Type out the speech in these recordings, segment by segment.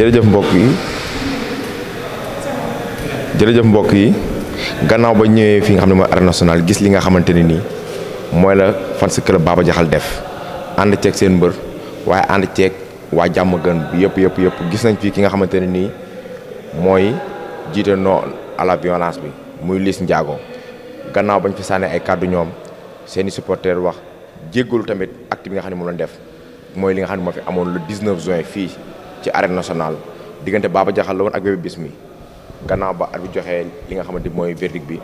jërëjëf mbokk yi jërëjëf mbokk yi gannaaw ba ñëwee fi nga xam ne mooy arène nationale gis li nga xamante ne nii mooy la fans club Baba Diakhal def ànd ceeg seen mbër waaye ànd ceeg waa jàmm gën bi yëpp yëpp yëpp gis nañ fi ki nga xamante ne nii mooy jiite non à la bi muy Liss Ndiago gannaaw bañ fi sànni ay kàddu ñoom seeni supporters wax jéggalu tamit acte bi nga xam ne moom lañ def mooy li nga xam ne moo fi amoon le 19 juin fii. ci arène national diggante Baba Jaxal la woon ak Bébé Bismi gannaaw ba ak bi joxee li nga xamante mooy verdict bi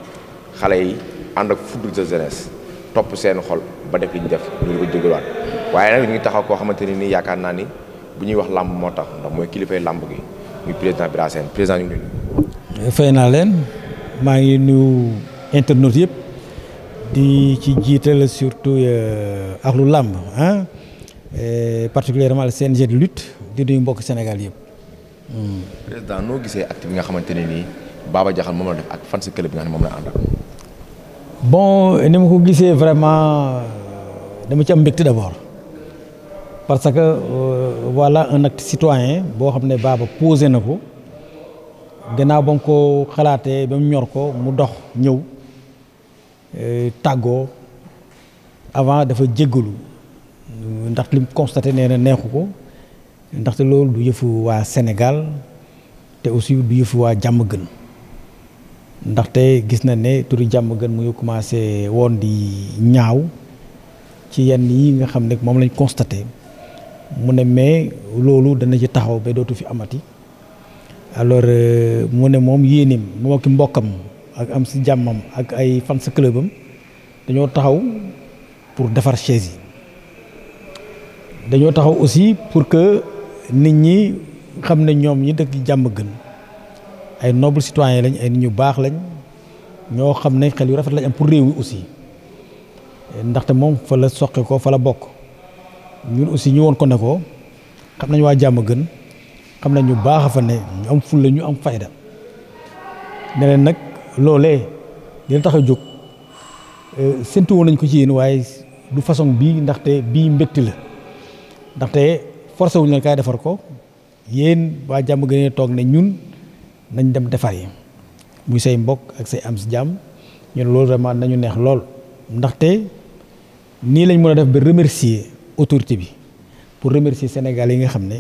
xale yi ànd ak foudre de jeunesse topp seen xol ba def li ñu def ñu ngi ko jégaluwaat waaye nag ñu ngi taxaw koo xamante ni nii yaakaar naa ni bu ñuy wax làmb moo tax ndax mooy kilifay làmb gi muy président Bira Sène président ñu ngi nuyu. naa leen maa ngi nuyu internautes yëpp di ci jiital surtout axlu làmb ah particulièrement le CNG de di nuyu mbokk Sénégal yëpp. Hmm. président noo gisee acte bi nga xamante ne nii Baba Diakhal moom la def ak fan si club bi nga xam ne moom la bon ni ma ko vraiment dama ci am parce que euh, voilà un boo xam ne Baba posé na ko gannaaw ba mu ko xalaatee ba mu ñor ko mu dox ñëw euh, tàggoo avant dafa jéggalu ndax lim constaté nee na neexu ko. ndaxte loolu du yëfu waa Sénégal te aussi du yëfu waa jàmm gën ndaxte gis na ne turi jàmm gën mu ngi commencé woon di ñaaw ci yenn yi nga xam ne moom lañ constaté mu ne mais loolu dana ci taxaw ba dootu fi amati alors euh, mu ne moom yéenim moo ki mbokkam ak am si jàmmam ak ay fans clubam dañoo taxaw pour defar chaise yi dañoo taxaw aussi pour que nit ñi xam ne ñoom ñi dëkk jàmm gën ay noble citoyen lañ ay nit ñu baax lañ ñoo xam ne xel yu rafet lañ am pour réew yi aussi ndaxte moom fa la soqe ko bokk ñun aussi ñu woon ko ne ko xam nañ waa jàmm gën xam nañ ñu baax a fa ne ñu am fulla ñu am fayda ne nag loolee dina tax a jóg euh, séntu woon nañ ko ci yéen waaye du façon bii ndaxte bii mbétti la ndaxte forcé wuñu leen kaay defar ko yéen waa jàmm gën toog ne ñun nañ dem defar yi muy say mbokk ak say am si jàmm ñun loolu vraiment nañu neex lool ndaxte nii lañ mën a def ba remercier autorité bi pour remercier Sénégal yi nga xam ne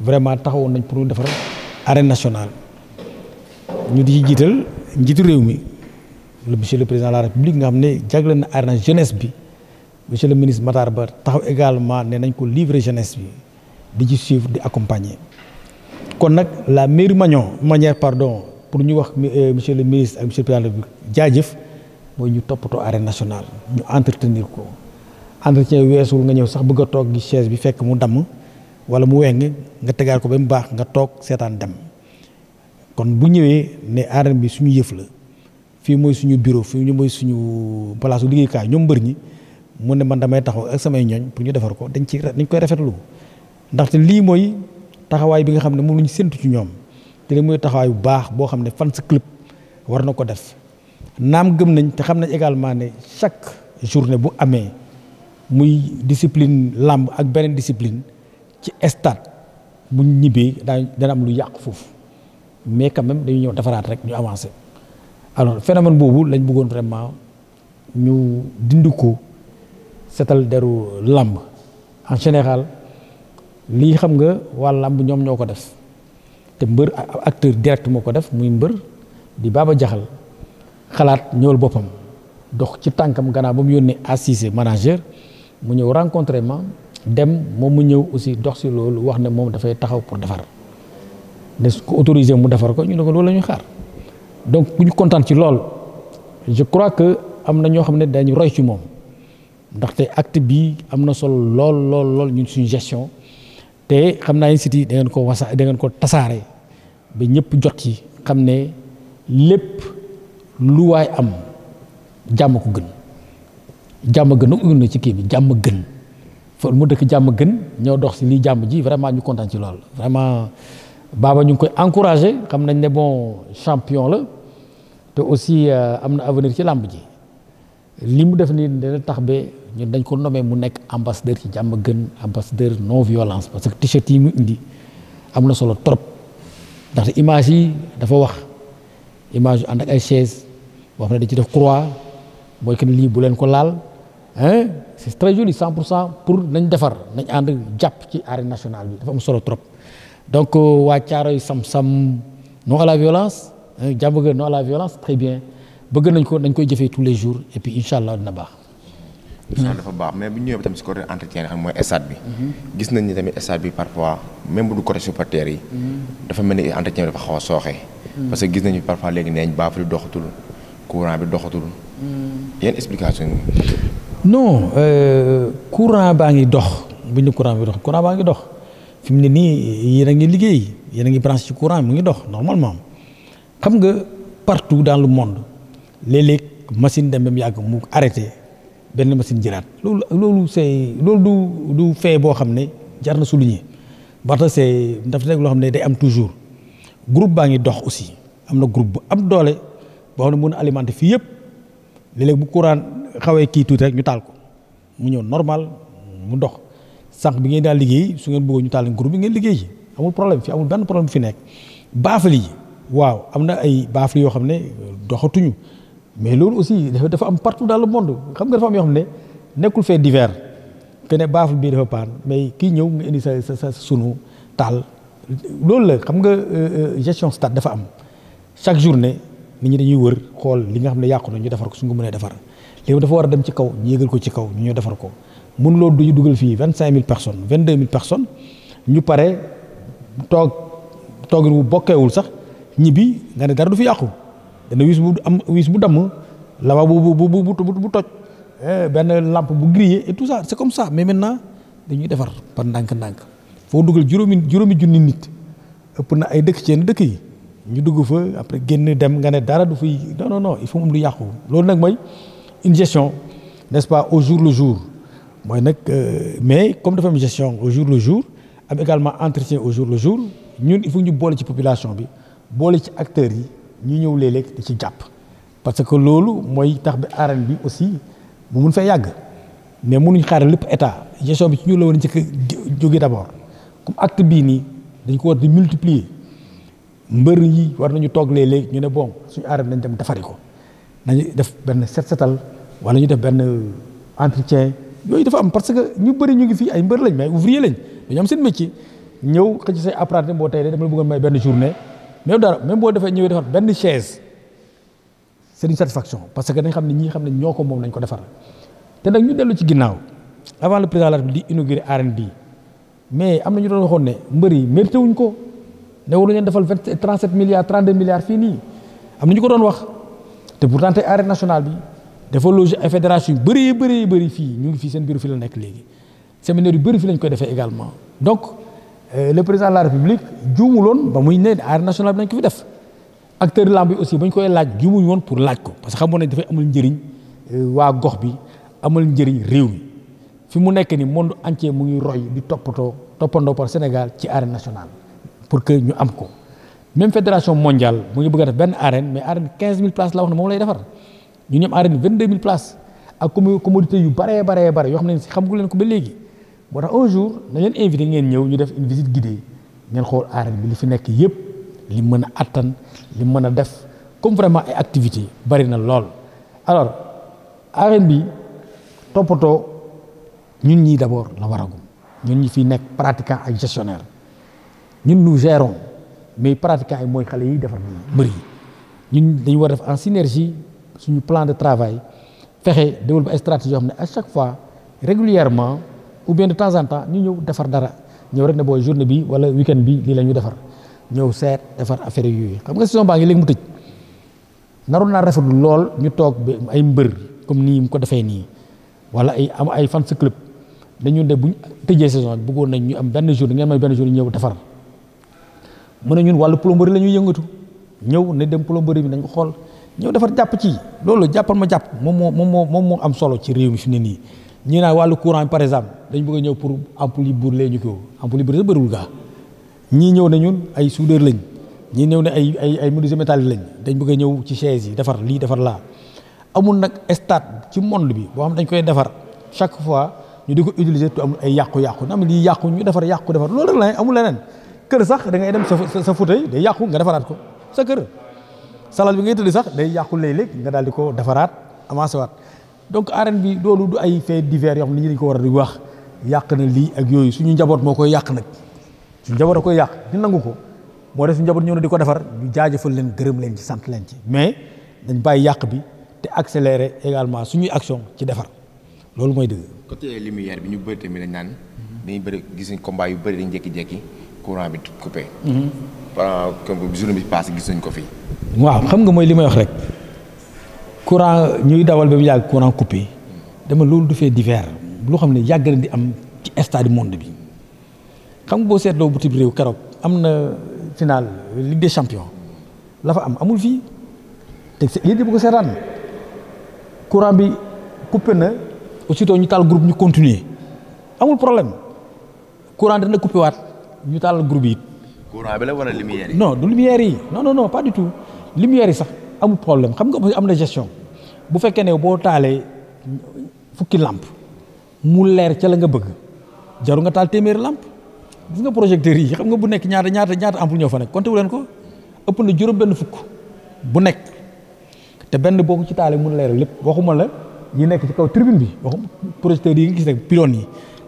vraiment taxawoon nañ pour ñu defar arène nationale ñu di ci jiital njiitu réew mi le monsieur le président de la république nga xam ne jagle na arène jeunesse bi monsieur le ministre Matar Ba taxaw également ne nañ ko livrer jeunesse bi di ci suivre di accompagner kon nag la meilleure manion manière pardon pour ñu wax euh, monsieur le ministre ak monsieur le président de jaajëf mooy ñu toppatoo arène nationale ñu entretenir ko entretien weesul nga ñëw sax bëgg a toog gi chaise bi fekk mu damm wala mu weng nga tegaat ko ba mu baax nga toog seetaan dem kon bu ñëwee ne arène bi suñu yëf la fii mooy suñu bureau fii mooy suñu place su kaay ñoom mbër ñi mu ne man damay taxaw ak samay ñooñ pour ñu defar ko dañ ci dañ koy rafetlu ndaxte lii mooy taxawaay bi nga xam ne moom la ñu séntu ci ñoom te li mooy taxawaay bu baax boo xam ne fan sa club war na ko def naam gëm nañ te xam nañ également ne chaque journée bu amee muy discipline làmb ak beneen discipline ci stade bu ñibbee daa dana am lu yàq foofu mais quand même dañu ñëw defaraat rek ñu avancé alors phénomène boobu lañ buggoon vraiment ñu dindi ko setal deru làmb en général lii xam nga waa làmb ñoom ñoo ko def te mbër acteur direct moo ko def muy mbër di baaba jaxal xalaat ñëwal boppam dox ci tànkam gannaaw ba mu yónnee assisé manager mu ñëw rencontré ma dem moom mu ñëw aussi dox si loolu wax ne moom dafay taxaw pour defar ne su ko autorisé mu defar ko ñu ne ko loolu lañuy xaar donc bu ñu kontaan ci lool je crois que am na ñoo xam ne dañu roy ci moom ndaxte acte bii am na solo lool lool lool ñun suñu gestion. te xam naa site yi da ko wasa da ko tasaare ba ñëpp jot ci xam ne lépp lu waay am jàmm ko gën jàmm gën nag na ci kii bi jàmm gën fa mu dëkk jàmm gën ñoo dox si lii jàmm ji vraiment ñu kontaan ci lool vraiment baaba ñu ngi koy encouragé xam nañ ne bon champion la te aussi euh, am na avenir ci làmb ji li mu def nii dana tax ba. ñun dañ ko nommé mu nekk ambassadeur ci jàmm gën ambassadeur non violence parce que t-shirt yi mu indi am na solo trop ndaxte image yi dafa wax image yu ànd ak ay chaise boo xam ne dañ ci def croix mooy que lii leen ko laal hein c'est très joli pour cent defar nañ ànd jàpp ci arène nationale bi dafa am solo trop donc euh, waa yi sam-sam non à la violence jàmm gën non à la violence très bien bëgg nañ ko dañ koy jëfee tous les jours et puis incha allah dina baax sax dafa baax mais bu ñu ñëwee ba si côté entretien xam mooy stade bi. gis nañ ni tamit stade bi parfois même bu du côté supporter yi. dafa mel ni entretien bi dafa xaw a sooxe. parce que gis nañu parfois léegi nee nañ baaful doxatul courant bi doxatul. yan explication non euh, courant baa ngi dox bu ñu courant bi dox courant baa ngi dox fi mu ne nii yéen a ngi liggéey yéen a ngi branché ci courant mu ngi dox normalement xam nga partout dans le monde léeg-léeg machine dem ba mu yàgg mu arrêté. benn machine jëlaat loolu loolu c'est loolu du du fee boo xam ne jar na souligner parce que c'est dafa nekk loo xam ne day am toujours groupe baa ngi dox aussi am na groupe bu am doole boo xam ne mën a fii yëpp léeg bu courant xawee kii tuuti rek ñu taal ko mu ñëw normal mu dox sànq bi ngeen daal liggéey su ngeen bëggoo ñu taal group bi ngeen liggéey yi amul problème fi amul benn problème fi nekk baafali yi waaw am na ay baafali yoo xam ne doxatuñu mais loolu aussi dafa am partout dans le monde xam nga dafa am yoo xam ne nekkul fee divers que ne baaful bii dafa paan mais kii ñëw nga indi sa sa sunu taal loolu la xam nga euh, euh, gestion stade dafa am chaque journée nit ñi dañuy wër xool li nga xam ne yàqu na ñu defar ko su ñu ko mënee defar léegi dafa war a dem ci kaw ñu yëgal ko ci kaw ñu ñoo defar ko mun loolu ñu dugal fii vingt cinq mille personnes vingt deux mille personnes ñu pare toog toogin wu bokkeewul sax ñibbi nga ne du fi yàqu dana wis bu am wis bu damm lava bu bu bu bu toj eh, benn lampe bu grillé et tout ça c'est comme sax mais maintenant dañuy defar par ndànk-ndànk foo dugal juróomi juróomi junni nit ëpp na ay dëkk ci yenn dëkk yi ñu dugg fa après génn dem nga ne dara du fay non no non il faut am lu yàqu loolu nag mooy une gestion n'est-ce pas au jour le jour mooy nag euh, mais comme dafa am gestion au jour le jour am également entretien au jour le jour ñun il faut ñu boole ci population bi boole ci acteurs yi. ñu ñëw léeg-léeg di ci jàpp parce que loolu mooy tax bi arène bi aussi mu mun fee yàgg mais munuñ xaar lépp état gestion bi ci ñu la war a njëkk jóge d'abord comme acte bii nii dañ ko war di multiplier mbër yi war nañu toog léeg-léeg ñu ne bon suñu arène nañ dem defari ko nañu def benn set setal wala ñu def benn entretien yooyu dafa am parce que ñu bari ñu ngi fii ay mbër lañ mais ouvrier lañ dañu am seen métier ñëw xëcc say apprenti boo tey de même dara même boo defee ñëwee defar benn chaise c'est une satisfaction parce que dañ xam ne ñii xam ne ñoo ko moom lañ ko defar te nag ñu dellu ci ginnaaw avant le président la République di inaugurer arène bi mais am na doon waxoon ne mbër yi mérité wuñ ko ne waruñu leen defal vingt trente sept milliards trente deux milliards fii nii am na ñu ko doon wax te pourtant tey arène nationale bi dafa loger ay fédération yu bëri bëri bëri fii ñu ngi fii seen bureau fi la nekk léegi séminaire yu bëri fi lañ koy defee également donc. Euh, le président de la république juumuloon ba muy ne aar national bi nañ ko fi def acteur lamb yi aussi ba bañ koy laaj juumuñ woon pour laaj ko parce que xamoon ne dafay amul njëriñ euh, waa gox bi amul njëriñ réew mi fi mu nekk ni monde entier mu ngi roy di toppatoo toppandoo par Sénégal ci arène nationale pour que ñu am ko même fédération mondiale mu ngi bëgg a def benn arène mais arène quinze mille places la wax ne moom lay defar ñu ñoom arène yu baree baree bare yoo xam ne si leen ko ba léegi moo tax jour na leen invité ngeen ñëw ñu def une visite guidée ngeen xool arène bi li fi nekk yëpp li mën a attan li mën a def comme vraiment ay activité bari na lool alors arène bi toppatoo ñun ñii d'abord la waragum ñun ñi fi nekk pratiquant ak gestionnaire ñun nous gérons mais pratiquant yi mooy xale yi defar nii mbër yi ñun dañu war def en synergie suñu plan de travail fexe développer ay stratégie yoo ne a chaque fois régulièrement ou bien de temps en temps ñu ñëw defar dara ñëw rek ne booy journée bi wala weekend bi lii la ñu defar ñëw seet defar affaire yooyu xam nga saison baa ngi léegi mu tëj naroon naa rafetlu lool ñu toog ay mbër comme nii mu ko defee nii wala ay am ay fans club dañu de bu ñu tëjee saison bi bëggoon nañ ñu am benn jour ngeen may benn jour ñëw defar mu ne ñun wàllu plomberie la ñuy yëngatu ñëw ne dem plomberie bi nañ ko xool ñëw defar jàpp ci loolu jàppal ma jàpp moom moo moom moom moo am solo ci réew mi fi ne nii. ñi naan wàllu courant par exemple dañ bëgg a ñëw pour ampoule yi brûler ñu ko ampoule yi brûler bëriwul gaa ñii ñëw ne ñun ay soudeur lañ ñii ñëw ne ay ay ay menuisier métallique lañ dañ bëgg a ñëw ci chaise yi defar lii defar laa amul nag stade ci monde bi boo xam dañ koy defar chaque fois ñu di ko utiliser tu amul ay yàqu-yàqu na am lii yàqu ñu defar yàqu defar loolu rek la amul leneen kër sax da ngay dem sa sa fauteuil day yàqu nga defaraat ko sa kër salal bi ngay tëdd sax day yàqu léeg-léeg nga daal di ko defaraat avancé waat donc arène bi loolu du ay fait divers yoo xam ne ñu dañ ko war a di wax yàq na lii ak yooyu suñu njaboot moo koy yàq nag suñu njaboot a koy yàq di nangu ko moo def suñu njaboot ñëw na di ko defar ñu jaajëfal leen gërëm leen sant leen ci mais dañ bàyyi yàq bi te accélérer également suñuy action ci defar loolu mooy dëgg. côté lumière bi ñu bëri tamit dañ naan dañuy bëri gis nañ combat yu bëri dañ jékki-jékki courant bi coupé. Mhm. par exemple bi passé gis nañ ko fii. waaw xam nga mooy li may wax rek. courant ñuy dawal ba mu yàgg courant coupé dama loolu du fee divers loo xam ne yàgg na di am ci stade monde bi xam nga boo seetloo bu tib réew keroog am na finale Ligue des champions la am amul fii te yéen di bu ko seetaan courant bi coupé na aussitôt ñu taal groupe ñu continuer amul problème courant dana coupé waat ñu taal group yi. courant bi wala lumière yi. non du lumière yi non non non pas du tout lumière yi sax amul problème xam nga am na gestion. bu fekkee ne boo taalee fukki làmp mu leer ca la nga bëgg jaru nga taal téeméeri làmp gis nga projecteur yi xam nga bu nekk ñaata ñaata ñaata ampoule ñoo fa nekk compté wu leen ko ëpp na juróom benn fukk bu nekk te benn boo ko ci taalee mu leer lépp waxuma la ñu nekk ci kaw tribune bi waxum projecteur yi nga gis rek pylônes yi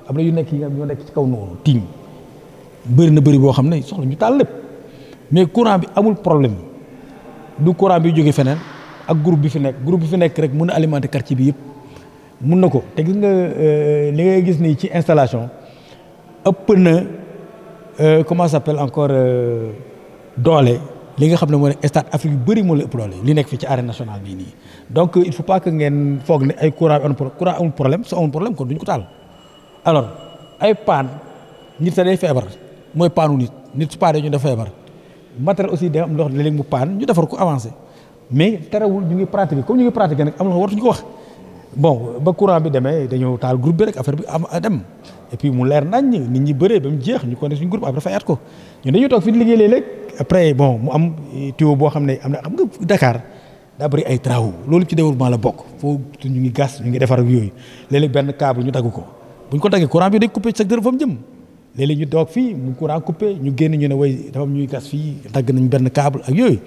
am na yu nekk yi nga ñoo nekk ci kaw noonu tiim bëri na bëri boo xam ne soxla ñu taal lépp mais courant bi amul problème du courant bi jóge feneen ak groupe bi fi nekk group bi fi nekk rek mun na alimenter quartier bi yëpp mun na ko te gis nga euh, li ngay gis nii ci installation ëpp na euh, comment ça s'appelle encore euh, doole li nga xam ne mooy stade Afrique yu bëri moo la ëpp doole li nekk fii ci arène nationale bii nii donc il faut pas que ngeen foog ne ay courant amul courant amul problème su amul problème kon duñ ko taal alors ay paan nit sa day feebar mooy paanu nit nit su paanee ñu def feebar matériel aussi day am ndox léeg-léeg mu paan ñu defar ko avancé mais terewul ñu ngi pratiquer comme ñu ngi pratiquer nag am na wartuñu ko wax bon ba courant bi demee dañoo taal groupe bi rek affaire bi am dem et puis mu leer nañ nit ñi bëree ba mu jeex ñu connaît suñu groupe après fayaat ko ñun dañuy toog fi ñu liggéey léeg-léeg mu am tuyau boo xam am na xam nga Dakar daa bëri loolu ci développement la bokk foo ñu ngi gas ñu ngi defar ak yooyu léeg benn câble ñu dagg ko bu ko daggee courant bi day coupé secteur fa mu jëm léeg ñu toog fii mu courant ñu génn ñu ne way dafa am ñuy gas fii dagg nañu benn câble ak yooyu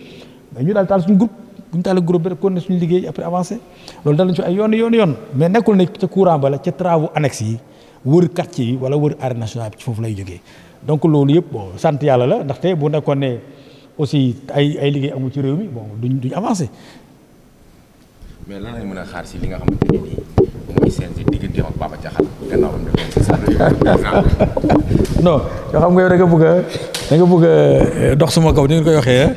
ñu daal taal suñu groupe bu ñu taalee groupe bi rek kon ne suñu liggéey après avancé loolu dal nañu ci ay yoon yoon yoon mais nekkul ne ca courant ba la ca travaux annexes yi wër quartier yi wala wër arène nationale bi ci foofu lay jóge donc loolu yëpp boo sant yàlla la ndaxte bu nekkoon ne aussi ay ay liggéey amul ci réew mi bon duñ duñ avancé. mais lan mën a xaar si li nga xamante ne nii mooy CNG digganteem ak xam nga yow da nga bëgg a da nga bëgg a dox suma kaw ni nga koy waxee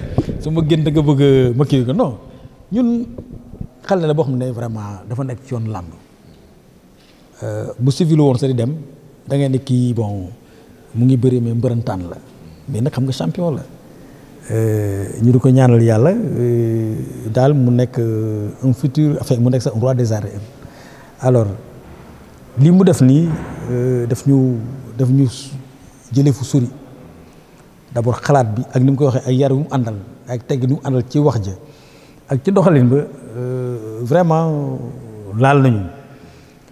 su ma génn da nga bëgg ma kii ko non. ñun xale la boo xam ne vraiment dafa nekk ci yoon làmb euh, bu civil woon sa di dem da ngay ne kii bon mu ngi bëri mais mbërëntaan la mais nag xam nga champion la euh, ñu di ko ñaanal yàlla euh, daal mu nekk un futur enfin mu nekk sa roi des arènes alors lii mu def nii daf ñu daf ñu jëlee fu sori d'abord xalaat bi ak ni mu koy waxee ak yar yu mu àndal ak tegg ni mu àndal ci wax ja ak ci doxalin ba euh, vraiment laal nañu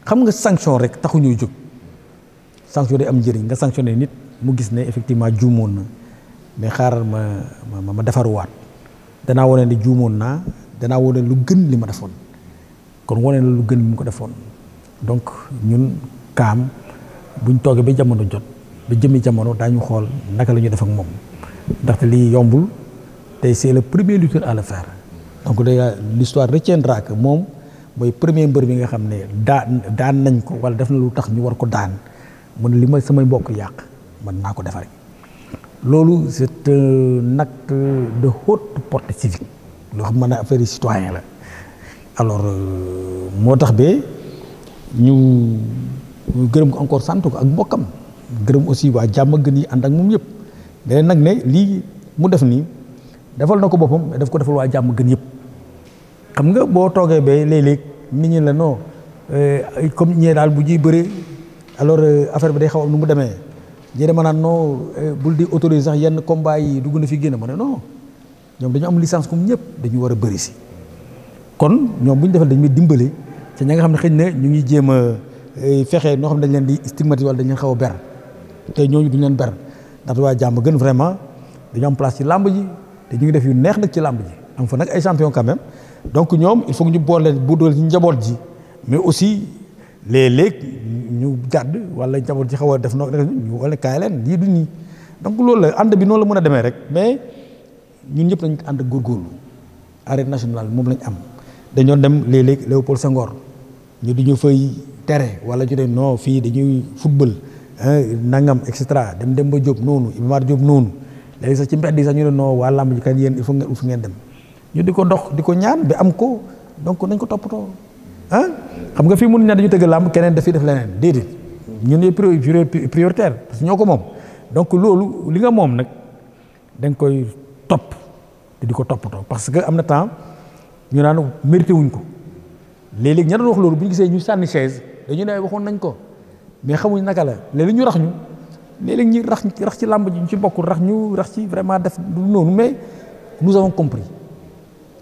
xam nga sanction rek taxu ñuy jóg sanction day am njëriñ nga sanctionné nit mu gis ne effectivement juumoon na mais xaaral ma ma ma defaruwaat danaa wane ne juumoon naa danaa wane lu gën li ma defoon kon wane na lu gën li mu ko defoon donc ñun kaam buñ toogee ba jamono jot ba jëmi jamono daañu xool naka la ñuy def ak moom ndaxte lii yombul tey c'est le premier lutteur à le faire. donc déjà l'histoire retiendra que moom mooy premier mbër bi nga xam ne daan nañ ko wala def na lu tax ñu war ko daan mun li ma samay mbokk yàq man naa ko defaree loolu c'est nag acte de haute portée civique loo xam mën a affaire citoyen la alors euh, moo tax be ñu gërëm ko encore sant ko ak mbokkam gërëm aussi waa jàmm gën yi ànd ak moom yëpp beneen nag ne lii mu def nii defal na ko boppam def ko defal waa jàmm gën yëpp xam nga boo toogee ba léeg-léeg nit ñi la non euh, comme ñee daal bu ñuy bëree alors euh, affaire bi day xaw am nu mu demee ñee dama naan non euh, bul di autoriser sax yenn combat yi dugg na fi génn ma ne non ñoom dañu am licence comme ñëpp dañu war a bëri si kon ñoom bu ñu defal dañu may dimbale ci ña nga xam ne xëñ ne ñu ngi jéem a fexe noo xam ne dañ leen di stigmatiser wala dañ leen xaw a ber te ñooñu duñ leen ber ndax waa jàmm gën vraiment dañu am place làmb ji te ñu ngi def yu neex nag ci làmb ji am nag ay champion quand donc ñoom il faut que boole bu dool ci njaboot ji mais aussi léeg-léeg ñu jàdd wala njaboot ji xaw a def noo ñu wala kaay leen lii nii donc loolu la ànd bi noonu la mën a demee rek mais ñun ñëpp dañ ko ànd góorgóorlu arène nationale moom lañ am dañoo dem léeg-léeg Léopold Senghor ñu di ñu fay tere wala ñu ne non fii dañuy football nangam et cetera dem dem ba Diop noonu Iba Mar Diop noonu léegi sax ci mbedd yi sax ñu ne non waa làmb ji kat yéen il faut ngeen dem ñu di ko dox di ko ñaan bi am ko donc nañ ko toppatoo ah xam nga fii mun na dañu tëgg làmb keneen dafiy def leneen déedéet ñun ñooy prioritaire parce que ñoo ko moom donc loolu li nga moom nag dañ koy topp te di ko toppatoo parce que am na temps ñu naan mérité wuñ ko léeg-léeg ña wax loolu bu ñu gisee ñu sànni chaise dañu ne waxoon nañ ko mais xamuñ naka la léeg-léeg ñu rax ñu léeg-léeg ñi rax rax ci làmb ji ñu ci bokkul rax ñu rax ci vraiment def du noonu mais nous avons compris